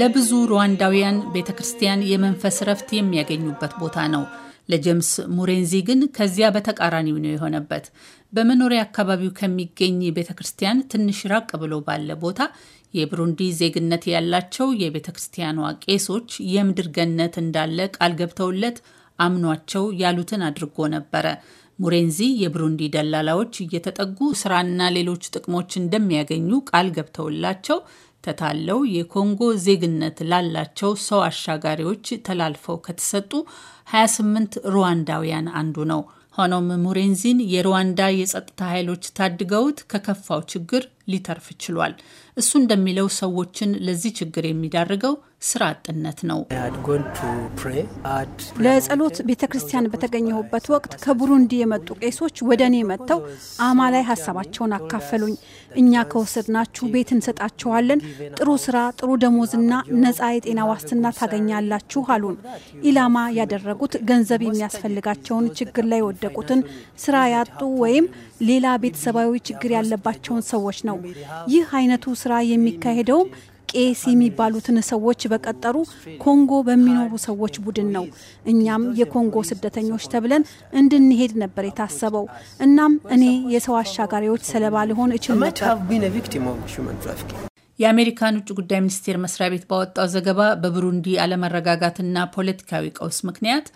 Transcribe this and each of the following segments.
ለብዙ ሩዋንዳውያን ቤተ ክርስቲያን የመንፈስ ረፍት የሚያገኙበት ቦታ ነው። ለጀምስ ሙሬንዚ ግን ከዚያ በተቃራኒው ነው የሆነበት። በመኖሪያ አካባቢው ከሚገኝ ቤተ ክርስቲያን ትንሽ ራቅ ብሎ ባለ ቦታ የብሩንዲ ዜግነት ያላቸው የቤተ ክርስቲያኗ ቄሶች የምድር ገነት እንዳለ ቃል ገብተውለት አምኗቸው ያሉትን አድርጎ ነበረ። ሙሬንዚ የብሩንዲ ደላላዎች እየተጠጉ ስራና ሌሎች ጥቅሞች እንደሚያገኙ ቃል ገብተውላቸው ተታለው የኮንጎ ዜግነት ላላቸው ሰው አሻጋሪዎች ተላልፈው ከተሰጡ 28 ሩዋንዳውያን አንዱ ነው። ሆኖም ሙሬንዚን የሩዋንዳ የጸጥታ ኃይሎች ታድገውት ከከፋው ችግር ሊተርፍ ችሏል። እሱ እንደሚለው ሰዎችን ለዚህ ችግር የሚዳርገው ስራ አጥነት ነው። ለጸሎት ቤተ ክርስቲያን በተገኘሁበት ወቅት ከቡሩንዲ የመጡ ቄሶች ወደ እኔ መጥተው አማ ላይ ሀሳባቸውን አካፈሉኝ። እኛ ከወሰድናችሁ ቤት እንሰጣችኋለን፣ ጥሩ ስራ፣ ጥሩ ደሞዝና ነጻ የጤና ዋስትና ታገኛላችሁ አሉን። ኢላማ ያደረጉት ገንዘብ የሚያስፈልጋቸውን ችግር ላይ የወደቁትን ስራ ያጡ ወይም ሌላ ቤተሰባዊ ችግር ያለባቸውን ሰዎች ነው። ነው። ይህ አይነቱ ስራ የሚካሄደውም ቄስ የሚባሉትን ሰዎች በቀጠሩ ኮንጎ በሚኖሩ ሰዎች ቡድን ነው። እኛም የኮንጎ ስደተኞች ተብለን እንድንሄድ ነበር የታሰበው። እናም እኔ የሰው አሻጋሪዎች ሰለባ ልሆን እችል ነበር። የአሜሪካን ውጭ ጉዳይ ሚኒስቴር መስሪያ ቤት ባወጣው ዘገባ በብሩንዲ አለመረጋጋትና ፖለቲካዊ ቀውስ ምክንያት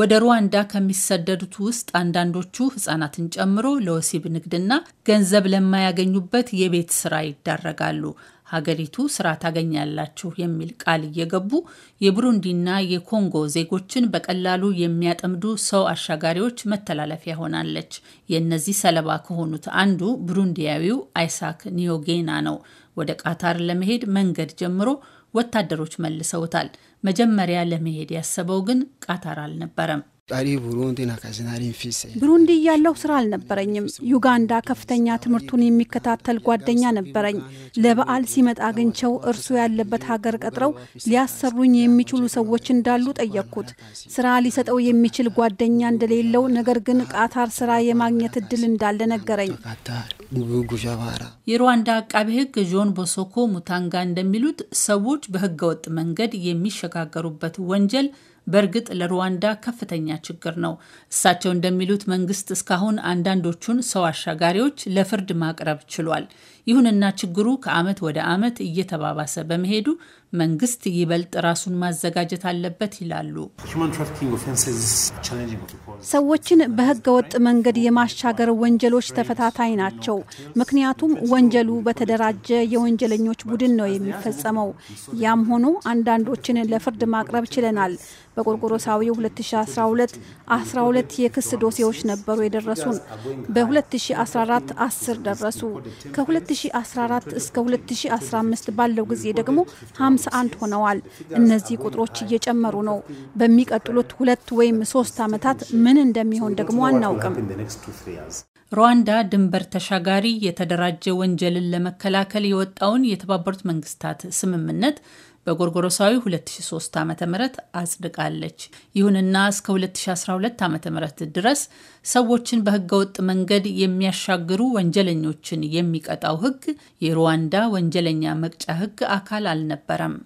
ወደ ሩዋንዳ ከሚሰደዱት ውስጥ አንዳንዶቹ ህጻናትን ጨምሮ ለወሲብ ንግድና ገንዘብ ለማያገኙበት የቤት ስራ ይዳረጋሉ። ሀገሪቱ ስራ ታገኛላችሁ የሚል ቃል እየገቡ የቡሩንዲና የኮንጎ ዜጎችን በቀላሉ የሚያጠምዱ ሰው አሻጋሪዎች መተላለፊያ ሆናለች። የእነዚህ ሰለባ ከሆኑት አንዱ ቡሩንዲያዊው አይሳክ ኒዮጌና ነው። ወደ ቃታር ለመሄድ መንገድ ጀምሮ ወታደሮች መልሰውታል። መጀመሪያ ለመሄድ ያሰበው ግን ቃታር አልነበረም። ብሩንዲ እያለሁ ስራ አልነበረኝም። ዩጋንዳ ከፍተኛ ትምህርቱን የሚከታተል ጓደኛ ነበረኝ። ለበዓል ሲመጣ አግኝቸው እርሱ ያለበት ሀገር ቀጥረው ሊያሰሩኝ የሚችሉ ሰዎች እንዳሉ ጠየቅኩት። ስራ ሊሰጠው የሚችል ጓደኛ እንደሌለው፣ ነገር ግን ቃታር ስራ የማግኘት እድል እንዳለ ነገረኝ። የሩዋንዳ አቃቤ ህግ ዦን ቦሶኮ ሙታንጋ እንደሚሉት ሰዎች በህገወጥ መንገድ የሚሸጋገሩበት ወንጀል በእርግጥ ለሩዋንዳ ከፍተኛ ችግር ነው። እሳቸው እንደሚሉት መንግስት እስካሁን አንዳንዶቹን ሰው አሻጋሪዎች ለፍርድ ማቅረብ ችሏል። ይሁንና ችግሩ ከዓመት ወደ ዓመት እየተባባሰ በመሄዱ መንግስት ይበልጥ ራሱን ማዘጋጀት አለበት ይላሉ። ሰዎችን በህገወጥ መንገድ የማሻገር ወንጀሎች ተፈታታይ ናቸው። ምክንያቱም ወንጀሉ በተደራጀ የወንጀለኞች ቡድን ነው የሚፈጸመው። ያም ሆኖ አንዳንዶችን ለፍርድ ማቅረብ ችለናል። በቆርቆሮሳዊ 2012 12 የክስ ዶሴዎች ነበሩ የደረሱን። በ2014 10 ደረሱ። ከ2014 እስከ 2015 ባለው ጊዜ ደግሞ 51 ሆነዋል። እነዚህ ቁጥሮች እየጨመሩ ነው። በሚቀጥሉት ሁለት ወይም ሶስት ዓመታት ምን እንደሚሆን ደግሞ አናውቅም። ሩዋንዳ ድንበር ተሻጋሪ የተደራጀ ወንጀልን ለመከላከል የወጣውን የተባበሩት መንግስታት ስምምነት በጎርጎሮሳዊ 2003 ዓ ም አጽድቃለች። ይሁንና እስከ 2012 ዓ ም ድረስ ሰዎችን በህገወጥ መንገድ የሚያሻግሩ ወንጀለኞችን የሚቀጣው ህግ የሩዋንዳ ወንጀለኛ መቅጫ ህግ አካል አልነበረም።